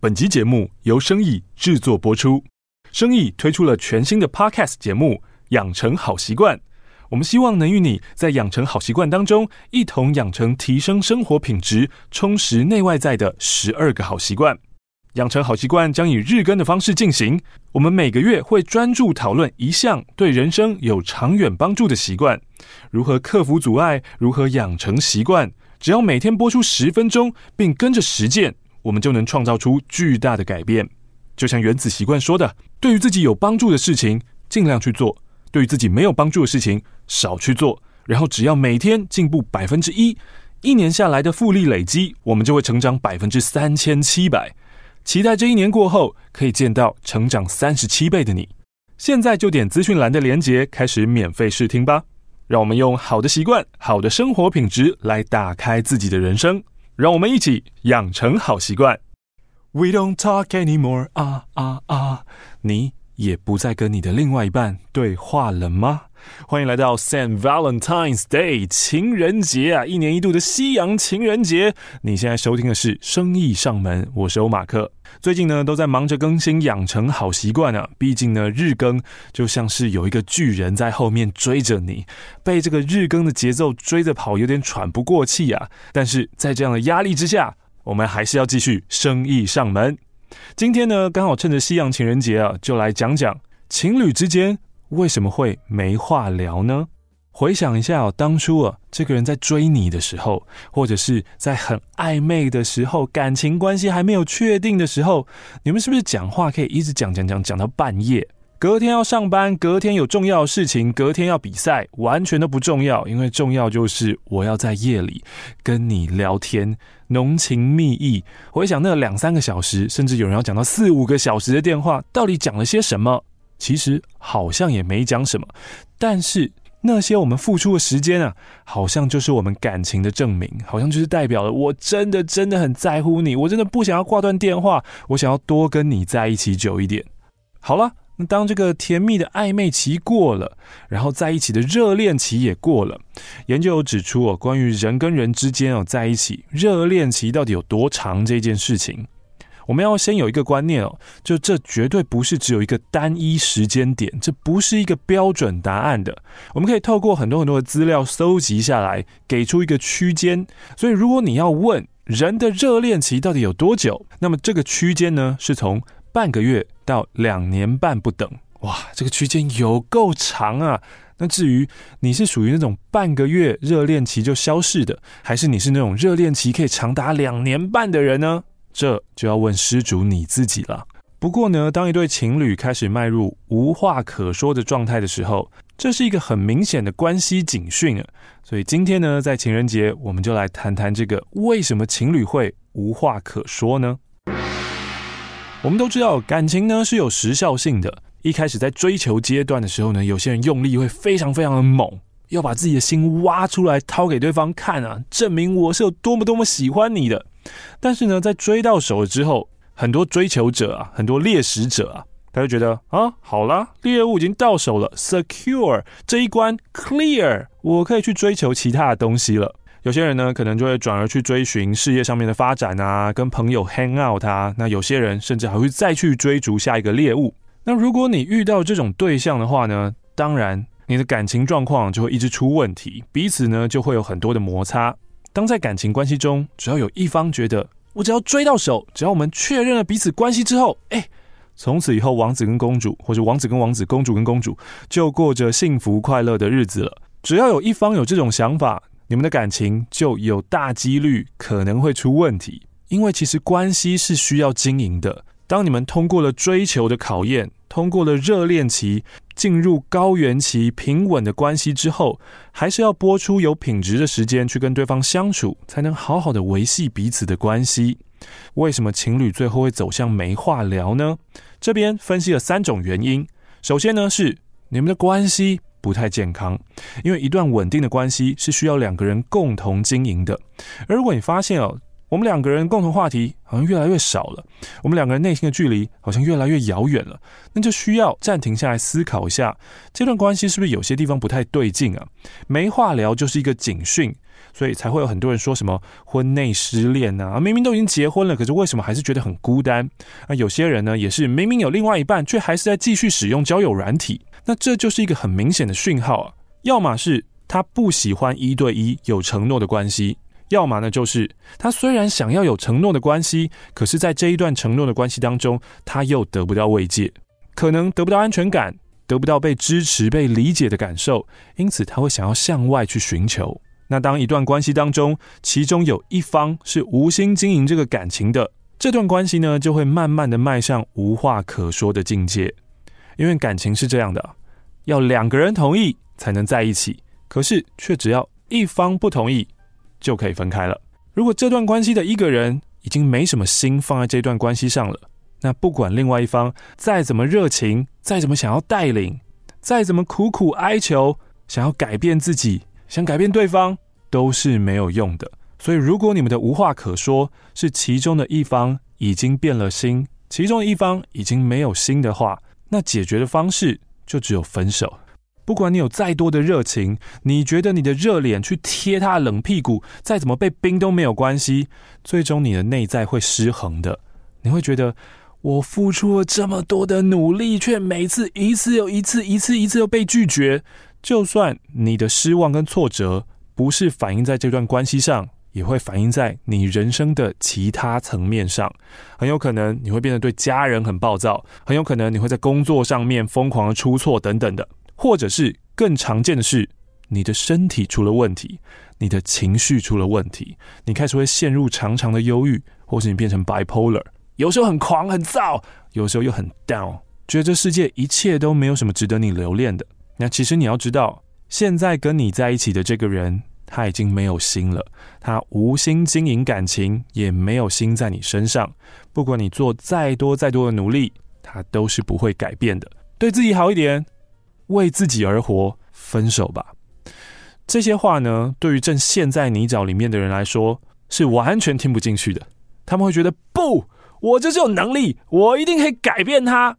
本集節目由聲藝製作播出。聲藝推出了全新的 Podcast 節目《養成好習慣》，我們希望能與你在養成好習慣當中，一同養成提升生活品質、充實內外在的十二個好習慣。養成好習慣將以日更的方式進行，我們每個月會專注討論一項對人生有長遠幫助的習慣，如何克服阻礙，如何養成習慣。只要每天播出十分鐘，並跟着實踐。我們就能創造出巨大的改變，就像原子習慣說的，對於自己有幫助的事情儘量去做，對於自己沒有幫助的事情少去做。然後只要每天進步百分之一，一年下來的複利累積，我們就會成長百分之三千七百。期待這一年過後可以見到成長三十七倍的你。現在就點資訊欄的連結開始免費試聽吧，讓我們用好的習慣、好的生活品質來打開自己的人生。讓我們一起養成好習慣。We don't talk anymore，啊啊啊！你也不再跟你的另外一半對話了嗎？歡迎來到 San Valentine's Day 情人節啊，一年一度的西洋情人節。你現在收聽的是《生意上門》，我是歐馬克。最近呢，都在忙着更新，養成好習慣啊，畢竟呢，日更就像是有一個巨人在後面追着你，被這個日更的節奏追着跑，有點喘不過氣啊。但是在這樣的壓力之下，我們還是要繼續生意上門。今天呢，剛好趁着西洋情人節啊，就來講講情侶之間。為什麼會沒話聊呢？回想一下哦，當初哦、啊，這個人在追你的時候，或者是在很曖昧的時候，感情關係還沒有確定的時候，你們是不是講話可以一直講講講講到半夜？隔天要上班，隔天有重要的事情，隔天要比賽，完全都不重要，因為重要就是我要在夜裡跟你聊天，濃情蜜意。回想那兩三個小時，甚至有人要講到四五個小時的電話，到底講了些什麼？其實好像也沒講什麼，但是那些我們付出的時間啊，好像就是我們感情的證明，好像就是代表了我真的真的很在乎你，我真的不想要掛斷電話，我想要多跟你在一起久一點。好了，那當這個甜蜜的曖昧期過了，然後在一起的熱戀期也過了，研究有指出哦，關於人跟人之間哦，在一起熱戀期到底有多長這件事情。我們要先有一個觀念哦，就這絕對不是只有一個單一時間點，這不是一個標準答案的。我們可以透過很多很多的資料蒐集下來，給出一個區間。所以，如果你要問人的熱戀期到底有多久，那麼這個區間呢，是從半個月到兩年半不等。哇，這個區間有夠長啊！那至於你是屬於那種半個月熱戀期就消逝的，還是你是那種熱戀期可以長達兩年半的人呢？這就要問施主你自己了。不過呢，當一對情侶開始邁入無話可說的狀態的時候，這是一個很明顯的關係警訊啊，所以今天呢，在情人節，我們就來談談這個為什麼情侶會無話可說呢？ 我們都知道，感情呢是有時效性的。一開始在追求階段的時候呢，有些人用力會非常非常的猛，要把自己的心挖出來掏給對方看啊，證明我是有多麼多麼喜歡你的。但是呢，在追到手了之後，很多追求者啊，很多獵食者啊，他就覺得啊，好啦，獵物已經到手了，secure 這一關 clear，我可以去追求其他的東西了。有些人呢，可能就會轉而去追尋事業上面的發展啊，跟朋友 hang out 他、啊。那有些人甚至還會再去追逐下一個獵物。那如果你遇到這種對象的話呢，當然你的感情狀況就會一直出問題，彼此呢就會有很多的摩擦。當在感情關係中，只要有一方覺得，我只要追到手，只要我們確認了彼此關係之後，哎、欸，從此以後王子跟公主或者王子跟王子、公主跟公主就過着幸福快樂的日子了。只要有一方有這種想法，你們的感情就有大幾率可能會出問題，因為其實關係是需要經營的。當你們通過了追求的考驗，通過了熱戀期。進入高原期平穩的關係之後，還是要撥出有品質的時間去跟對方相處，才能好好的維繫彼此的關係。為什麼情侶最後會走向沒話聊呢？這邊分析了三種原因。首先呢，是你們的關係不太健康，因為一段穩定的關係是需要兩個人共同經營的。而如果你發現哦，我們兩個人共同話題好像越來越少了，我們兩個人內心的距離好像越來越遙遠了。那就需要暫停下來思考一下，這段關係是不是有些地方不太對勁啊？沒話聊就是一個警訊，所以才會有很多人說什麼婚內失戀啊，明明都已經結婚了，可是為什麼還是覺得很孤單？啊，有些人呢，也是明明有另外一半，卻還是在繼續使用交友軟體，那這就是一個很明顯的訊號啊。要麼是他不喜歡一對一有承諾的關係。要麼呢，就是他雖然想要有承諾的關係，可是，在這一段承諾的關係當中，他又得不到慰藉，可能得不到安全感，得不到被支持、被理解的感受，因此他會想要向外去尋求。那當一段關係當中，其中有一方是無心經營這個感情的，這段關係呢，就會慢慢的邁向無話可說的境界。因為感情是這樣的，要兩個人同意才能在一起，可是卻只要一方不同意。就可以分開了。如果這段關係的一個人已經沒什麼心放在這段關係上了，那不管另外一方再怎麼熱情，再怎麼想要帶領，再怎麼苦苦哀求，想要改變自己，想改變對方都是沒有用的。所以，如果你們的無話可說，是其中的一方已經變了心，其中的一方已經沒有心的話，那解決的方式就只有分手。不管你有再多的熱情，你覺得你的熱臉去貼他的冷屁股，再怎麼被冰都沒有關係。最終，你的內在會失衡的。你會覺得，我付出了這麼多的努力，卻每次一次又一次、一次一次又被拒絕。就算你的失望跟挫折不是反映在這段關係上，也會反映在你人生的其他層面上。很有可能你會變得對家人很暴躁，很有可能你會在工作上面瘋狂的出錯等等的。或者是更常見的是，你的身體出了問題，你的情緒出了問題，你開始會陷入長長的憂鬱，或是你變成 bipolar，有時候很狂很躁，有時候又很 down，覺得這世界一切都沒有什麼值得你留戀的。那其實你要知道，現在跟你在一起的這個人，他已經沒有心了，他無心經營感情，也沒有心在你身上。不管你做再多再多的努力，他都是不會改變的。對自己好一點。為自己而活，分手吧。這些話呢，對於正陷在泥沼裡面的人來說，是完全聽不進去的。他們會覺得，不，我就是有能力，我一定可以改變他。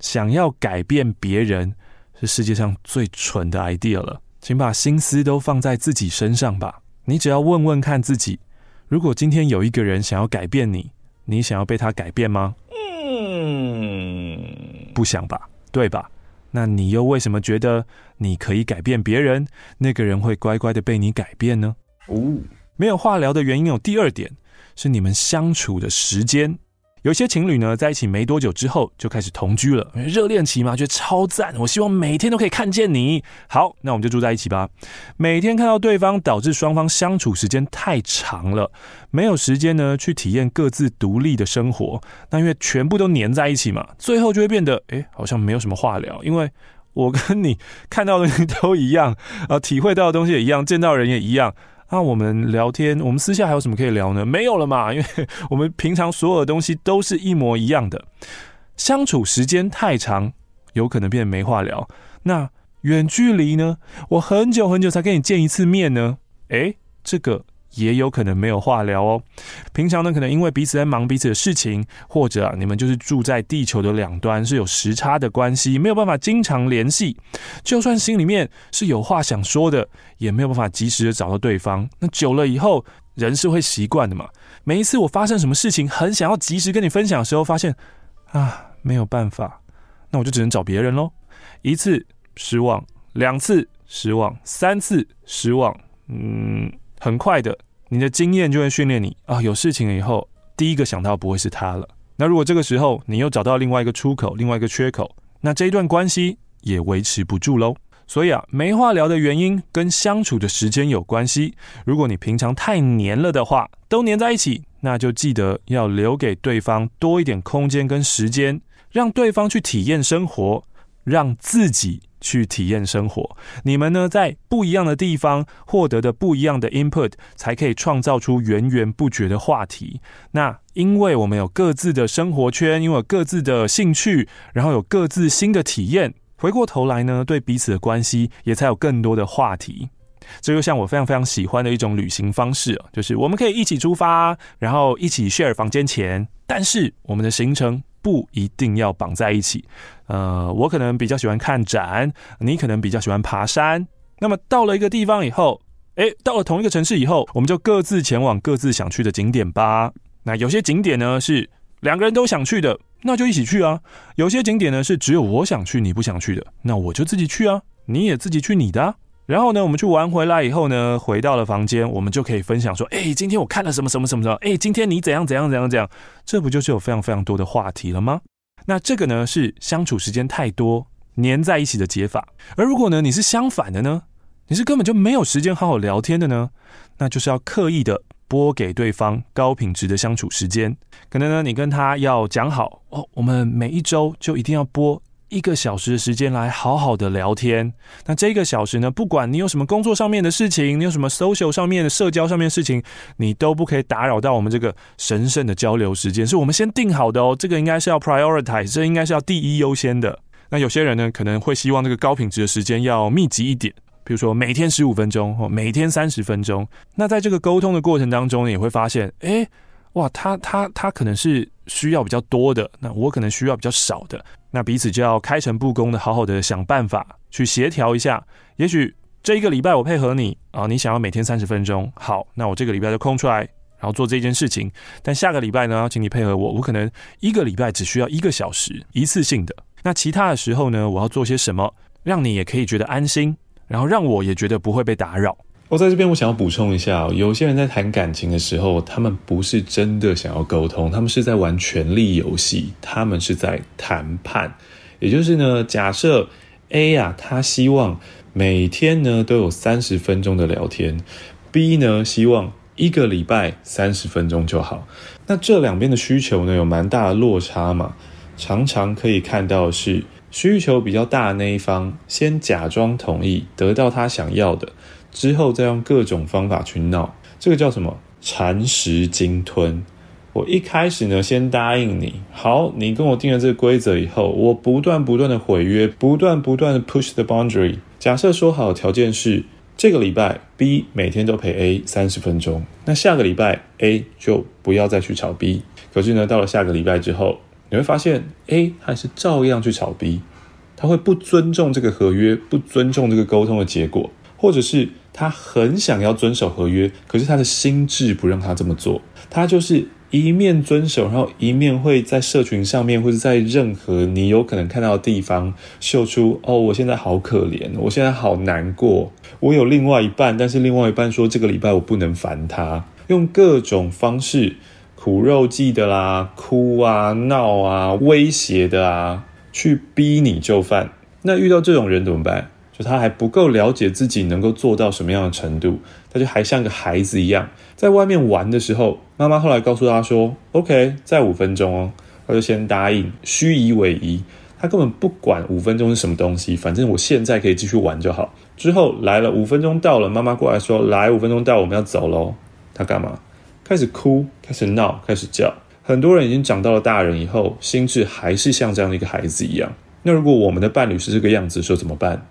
想要改變別人，是世界上最蠢的 idea 了。請把心思都放在自己身上吧。你只要問問看自己，如果今天有一個人想要改變你，你想要被他改變嗎？嗯，不想吧，對吧？那你又為什麼覺得你可以改變別人，那個人會乖乖的被你改變呢？哦，沒有話聊的原因有第二點，是你們相處的時間。有些情侶呢，在一起沒多久之後就開始同居了，熱戀期嘛，覺得超讚。我希望每天都可以看見你。好，那我們就住在一起吧。每天看到對方，導致雙方相處時間太長了，沒有時間呢去體驗各自獨立的生活。那因為全部都黏在一起嘛，最後就會變得，誒、欸，好像沒有什麼話聊，因為我跟你看到的東西都一樣啊、呃，體會到的東西也一樣，見到人也一樣。那、啊、我們聊天，我們私下還有什麼可以聊呢？沒有了嘛，因為我們平常所有的東西都是一模一樣的。相處時間太長，有可能變得沒話聊。那遠距離呢？我很久很久才跟你見一次面呢。誒、欸，這個。也有可能沒有話聊哦。平常呢，可能因為彼此在忙彼此的事情，或者、啊、你們就是住在地球的兩端，是有時差的關係，沒有辦法經常聯繫。就算心裡面是有話想說的，也沒有辦法及時的找到對方。那久了以後，人是會習慣的嘛。每一次我發生什麼事情，很想要及時跟你分享的時候，發現啊，沒有辦法，那我就只能找別人嘍。一次失望，兩次失望，三次失望，嗯。很快的，你的經驗就會訓練你啊，有事情以後第一個想到不會是他了。那如果這個時候你又找到另外一個出口，另外一個缺口，那這一段關係也維持不住嘍。所以啊，沒話聊的原因跟相處的時間有關係。如果你平常太黏了的話，都黏在一起，那就記得要留給對方多一點空間跟時間，讓對方去體驗生活，讓自己。去體驗生活，你們呢，在不一樣的地方獲得的不一樣的 input，才可以創造出源源不絕的話題。那因為我們有各自的生活圈，擁有各自的興趣，然後有各自新的體驗，回過頭來呢，對彼此的關係也才有更多的話題。這就像我非常非常喜歡的一種旅行方式啊，就是我們可以一起出發，然後一起 share 房間錢，但是我們的行程。不一定要綁在一起，呃，我可能比較喜歡看展，你可能比較喜歡爬山。那麼到了一個地方以後，欸，到了同一個城市以後，我們就各自前往各自想去的景點吧。那有些景點呢，是兩個人都想去的，那就一起去啊。有些景點呢，是只有我想去，你不想去的，那我就自己去啊，你也自己去你的啊。然後呢，我們去玩回來以後呢，回到了房間，我們就可以分享說：哎，今天我看了什麼什麼什麼什麼。哎，今天你怎樣怎樣怎樣怎樣，這不就是有非常非常多的話題了嗎？那這個呢，是相處時間太多黏在一起的解法。而如果呢，你是相反的呢，你是根本就沒有時間好好聊天的呢，那就是要刻意的撥給對方高品質的相處時間。可能呢，你跟他要講好哦，我們每一周就一定要撥。一個小時的時間來好好的聊天。那這個小時呢，不管你有什麼工作上面的事情，你有什麼 social 上面的社交上面的事情，你都不可以打擾到我們這個神聖的交流時間，是我們先定好的哦。這個應該是要 prioritize，這個應該是要第一優先的。那有些人呢，可能會希望這個高品質的時間要密集一點，比如說每天十五分鐘，或每天三十分鐘。那在這個溝通的過程當中，你也會發現，誒。哇，他他他可能是需要比較多的，那我可能需要比較少的，那彼此就要開誠布公的，好好的想辦法去協調一下。也許這一個禮拜我配合你啊，你想要每天三十分鐘，好，那我這個禮拜就空出來，然後做這件事情。但下個禮拜呢，請你配合我，我可能一個禮拜只需要一個小時，一次性的。那其他的時候呢，我要做些什麼，讓你也可以覺得安心，然後讓我也覺得不會被打擾。我在這邊，我想要補充一下。有些人在談感情的時候，他們不是真的想要溝通，他們是在玩權力遊戲，他們是在談判。也就是呢，假設 A 啊，他希望每天呢都有三十分鐘的聊天，B 呢希望一個禮拜三十分鐘就好。那這兩邊的需求呢，有蠻大的落差嘛。常常可以看到是需求比較大的那一方先假裝同意，得到他想要的。之後再用各種方法去鬧，這個叫什麼？蠶食鯨吞。我一開始呢，先答應你，好，你跟我定了這個規則以後，我不斷不斷的毀約，不斷不斷的 push the boundary。假設說好的條件是這個禮拜 B 每天都陪 A 三十分鐘，那下個禮拜 A 就不要再去吵 B。可是呢，到了下個禮拜之後，你會發現 A 還是照樣去吵 B，他會不尊重這個合約，不尊重這個溝通的結果，或者是。他很想要遵守合約，可是他的心智不讓他這麼做。他就是一面遵守，然後一面會在社群上面，或者在任何你有可能看到的地方秀出哦，我現在好可憐，我現在好難過，我有另外一半，但是另外一半說這個禮拜我不能煩他，用各種方式苦肉計的啦，哭啊、鬧啊、威脅的啊，去逼你就範。那遇到這種人怎麼辦？就他還不夠了解自己能夠做到什麼樣的程度，他就還像個孩子一樣，在外面玩的時候，媽媽後來告訴他說：“OK，再五分鐘哦。”他就先答應，虛以委蛇。他根本不管五分鐘是什麼東西，反正我現在可以繼續玩就好。之後來了五分鐘到了，媽媽過來說：“來，五分鐘到我，我們要走咯、哦。”他幹嘛？開始哭，開始鬧，開始叫。很多人已經長到了大人以後，心智還是像這樣的一個孩子一樣。那如果我們的伴侶是這個樣子的時候，說怎麼辦？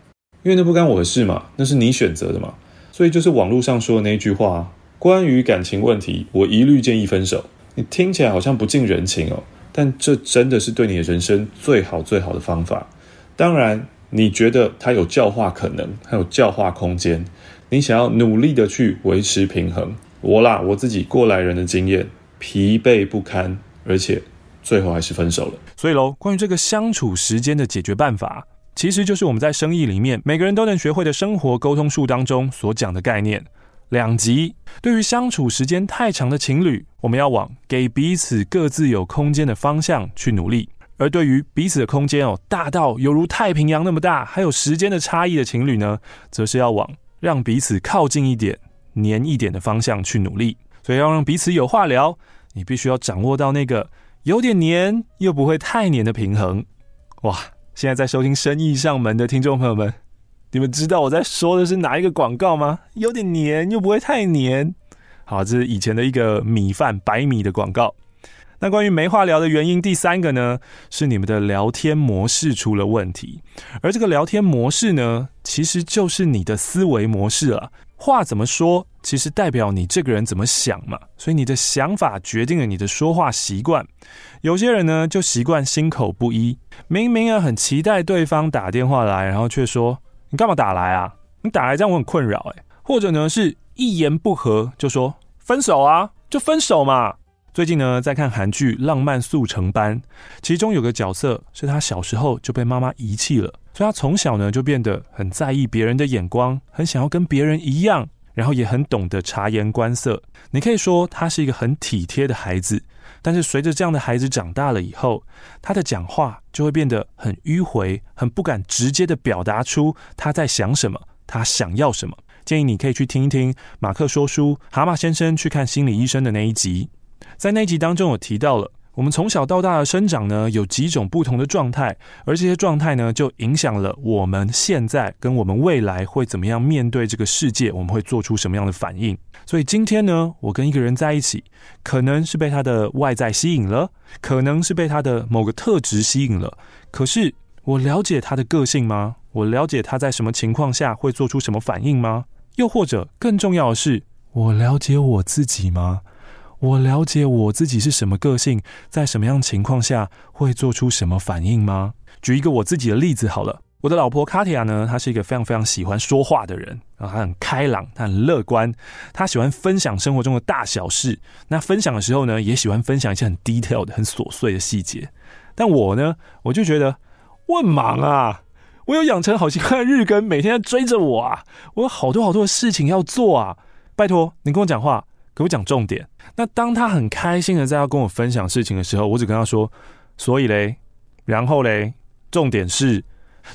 因為那不干我的事嘛，那是你選擇的嘛，所以就是網絡上說的那句話，關於感情問題，我一律建議分手。你聽起來好像不近人情哦，但這真的是對你的人生最好最好的方法。當然，你覺得它有教化可能，還有教化空間，你想要努力的去維持平衡。我啦，我自己過來人的經驗，疲憊不堪，而且最後還是分手了。所以嘍，關於這個相處時間的解決辦法。其實就是我們在聲藝裡面每個人都能學會的生活溝通術當中所講的概念。兩極，對於相處時間太長的情侶，我們要往給彼此各自有空間的方向去努力；而對於彼此的空間哦大到猶如太平洋那麼大，還有時間的差異的情侶呢，則是要往讓彼此靠近一點、黏一點的方向去努力。所以要讓彼此有話聊，你必須要掌握到那個有點黏又不會太黏的平衡。哇！現在在收聽生意上門的聽眾朋友們，你們知道我在說的是哪一個廣告嗎？有點黏，又不會太黏。好，這是以前的一個米飯，白米的廣告。那關於沒話聊的原因，第三個呢，是你們的聊天模式出了問題。而這個聊天模式呢，其實就是你的思維模式了。話怎麼說，其實代表你這個人怎麼想嘛。所以你的想法決定了你的說話習慣。有些人呢，就習慣心口不一，明明啊很期待對方打電話來，然後卻說，你幹嘛打來啊？你打來這樣我很困擾誒。或者呢，是一言不合就說分手啊，就分手嘛。最近呢，在看韓劇《浪漫速成班》，其中有個角色是他小時候就被媽媽遺棄了，所以他從小呢就變得很在意別人的眼光，很想要跟別人一樣，然後也很懂得察言觀色。你可以說他是一個很體貼的孩子，但是隨着這樣的孩子長大了以後，他的講話就會變得很迂回，很不敢直接地表達出他在想什麼，他想要什麼。建議你可以去聽一聽馬克說書《蛤蟆先生去看心理醫生》的那一集。在那集當中，我提到了我們從小到大的生長呢，有幾種不同的狀態，而這些狀態呢，就影響了我們現在跟我們未來會怎麼樣面對這個世界，我們會做出什麼樣的反應。所以今天呢，我跟一個人在一起，可能是被他的外在吸引了，可能是被他的某個特質吸引了。可是我了解他的個性嗎？我了解他在什麼情況下會做出什麼反應嗎？又或者更重要的是，我了解我自己嗎？我了解我自己是什麼個性，在什麼樣情況下會做出什麼反應嗎？舉一個我自己的例子好了，我的老婆 Katia 呢，她是一個非常非常喜歡說話的人，然後她很開朗，她很樂觀，她喜歡分享生活中的大小事。那分享的時候呢，也喜歡分享一些很 detail 的、很瑣碎的細節。但我呢，我就覺得我很忙啊，我有養成好習慣的日更，每天在追着我啊，我有好多好多的事情要做啊，拜託，你跟我講話。給我講重點。那當他很開心的在要跟我分享事情的時候，我只跟他說：“所以嘞，然後嘞，重點是，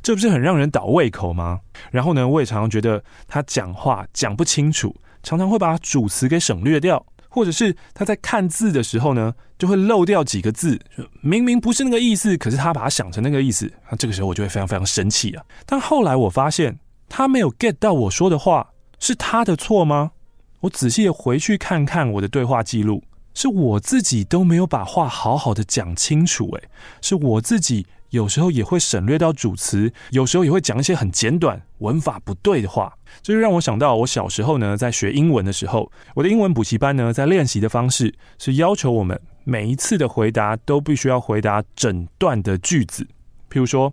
這不是很讓人倒胃口嗎？”然後呢，我也常常覺得他講話講不清楚，常常會把主詞給省略掉，或者是他在看字的時候呢，就會漏掉幾個字，明明不是那個意思，可是他把它想成那個意思。那這個時候我就會非常非常生氣啊！但後來我發現他沒有 get 到我說的話，是他的錯嗎？我仔細的回去看看我的對話記錄，是我自己都沒有把話好好的講清楚，欸。誒，是我自己有時候也會省略掉主詞，有時候也會講一些很簡短、文法不對的話。這就讓我想到，我小時候呢，在學英文的時候，我的英文補習班呢，在練習的方式是要求我們每一次的回答都必須要回答整段的句子。譬如說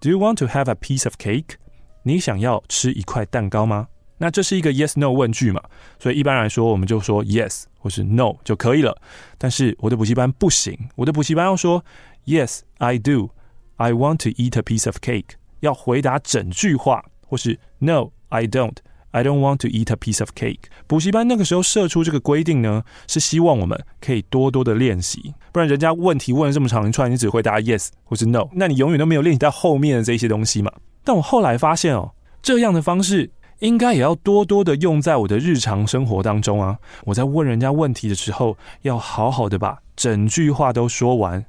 ，Do you want to have a piece of cake？你想要吃一塊蛋糕嗎？那這是一個 yes no 問句嘛，所以一般來說我們就說 yes 或是 no 就可以了。但是我的補習班不行，我的補習班要說 yes I do I want to eat a piece of cake 要回答整句話，或是 no I don't I don't want to eat a piece of cake。補習班那個時候設出這個規定呢，是希望我們可以多多的練習，不然人家問題問了這麼長一串，你只回答 yes 或是 no，那你永遠都沒有練習到後面的這些東西嘛。但我後來發現哦，這樣的方式。應該也要多多的用在我的日常生活當中啊！我在問人家問題的時候，要好好的把整句話都說完。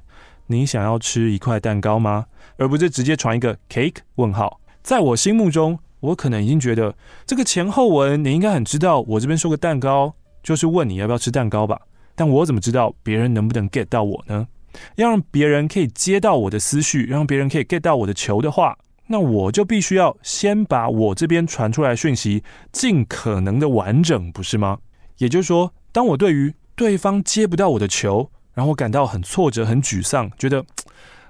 你想要吃一塊蛋糕嗎？而不是直接傳一個 cake 問號。在我心目中，我可能已經覺得這個前後文你應該很知道，我這邊說個蛋糕，就是問你要不要吃蛋糕吧。但我怎麼知道別人能不能 get 到我呢？要讓別人可以接到我的思緒，讓別人可以 get 到我的球的話。那我就必須要先把我這邊傳出來訊息盡可能的完整，不是嗎？也就是說，當我對於對方接不到我的球，然後感到很挫折、很沮喪，覺得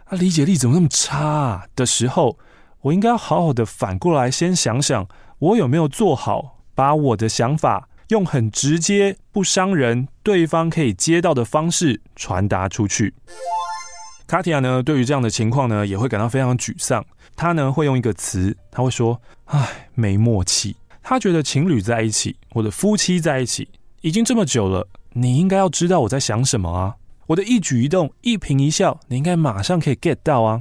啊理解力，怎麼那麼差、啊、的時候，我應該好好的反過來先想想，我有沒有做好把我的想法用很直接、不傷人、對方可以接到的方式傳達出去。卡蒂亞呢，對於這樣的情況呢，也會感到非常沮喪。她呢，會用一個詞，她會說：“哎，沒默契。”她覺得情侶在一起，我的夫妻在一起已經這麼久了，你應該要知道我在想什麼啊！我的一舉一動、一顰一笑，你應該馬上可以 get 到啊！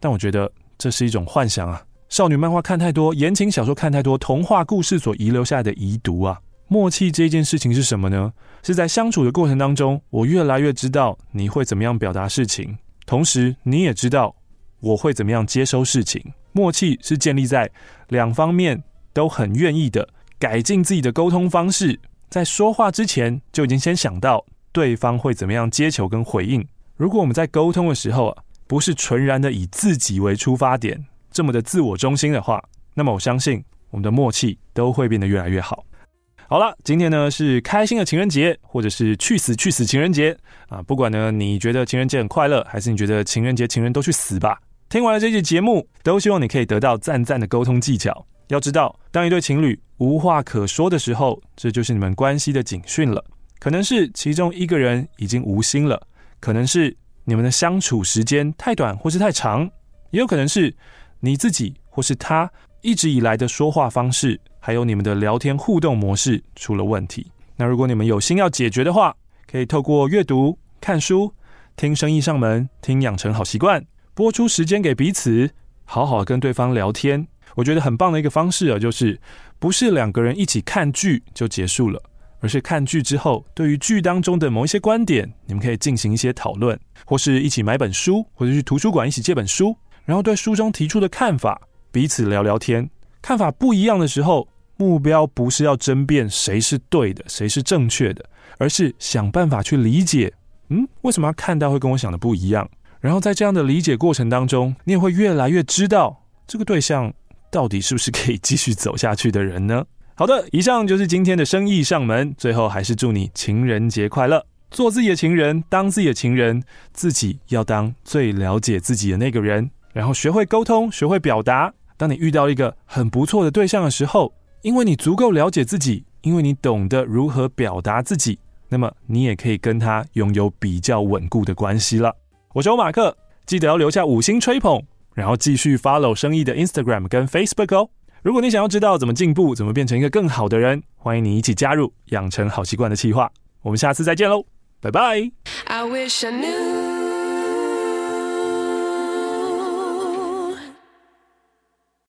但我覺得這是一種幻想啊，少女漫畫看太多，言情小說看太多，童話故事所遺留下來的遺毒啊！默契這件事情是什麼呢？是在相處的過程當中，我越來越知道你會怎麼樣表達事情。同時，你也知道我會怎麼樣接收事情。默契是建立在兩方面都很願意的改進自己的溝通方式，在說話之前就已經先想到對方會怎麼樣接球跟回應。如果我們在溝通的時候啊，不是純然的以自己為出發點，這麼的自我中心的話，那麼我相信我們的默契都會變得越來越好。好了，今天呢是開心的情人節，或者是去死去死情人節啊！不管呢，你覺得情人節很快樂，還是你覺得情人節情人都去死吧？聽完了這期節目，都希望你可以得到讚讚的溝通技巧。要知道，當一對情侶無話可說的時候，這就是你們關係的警訊了。可能是其中一個人已經無心了，可能是你們的相處時間太短或是太長，也有可能是你自己或是他。一直以來的說話方式，還有你們的聊天互動模式出了問題。那如果你們有心要解決的話，可以透過閱讀、看書、聽聲音上門、聽養成好習慣，撥出時間給彼此，好好跟對方聊天。我覺得很棒的一個方式啊，就是不是兩個人一起看劇就結束了，而是看劇之後，對於劇當中的某一些觀點，你們可以進行一些討論，或是一起買本書，或者去圖書館一起借本書，然後對書中提出的看法。彼此聊聊天。看法不一樣的時候，目標不是要爭辯誰是對的，誰是正確的，而是想辦法去理解，嗯，為什麼要看到會跟我想的不一樣？然後在這樣的理解過程當中，你也會越來越知道這個對象到底是不是可以繼續走下去的人呢？好的，以上就是今天的聲藝上門，最後還是祝你情人節快樂，做自己的情人，當自己的情人，自己要當最了解自己的那個人。然後學會溝通，學會表達。當你遇到一個很不錯的對象的時候，因為你足夠了解自己，因為你懂得如何表達自己，那麼你也可以跟他擁有比較穩固的關係了。我是歐馬克，記得要留下五星吹捧，然後繼續 follow 聲藝的 Instagram 跟 Facebook 哦。如果你想要知道怎麼進步，怎麼變成一個更好的人，歡迎你一起加入養成好習慣的計畫。我們下次再見嘍，拜拜。I wish I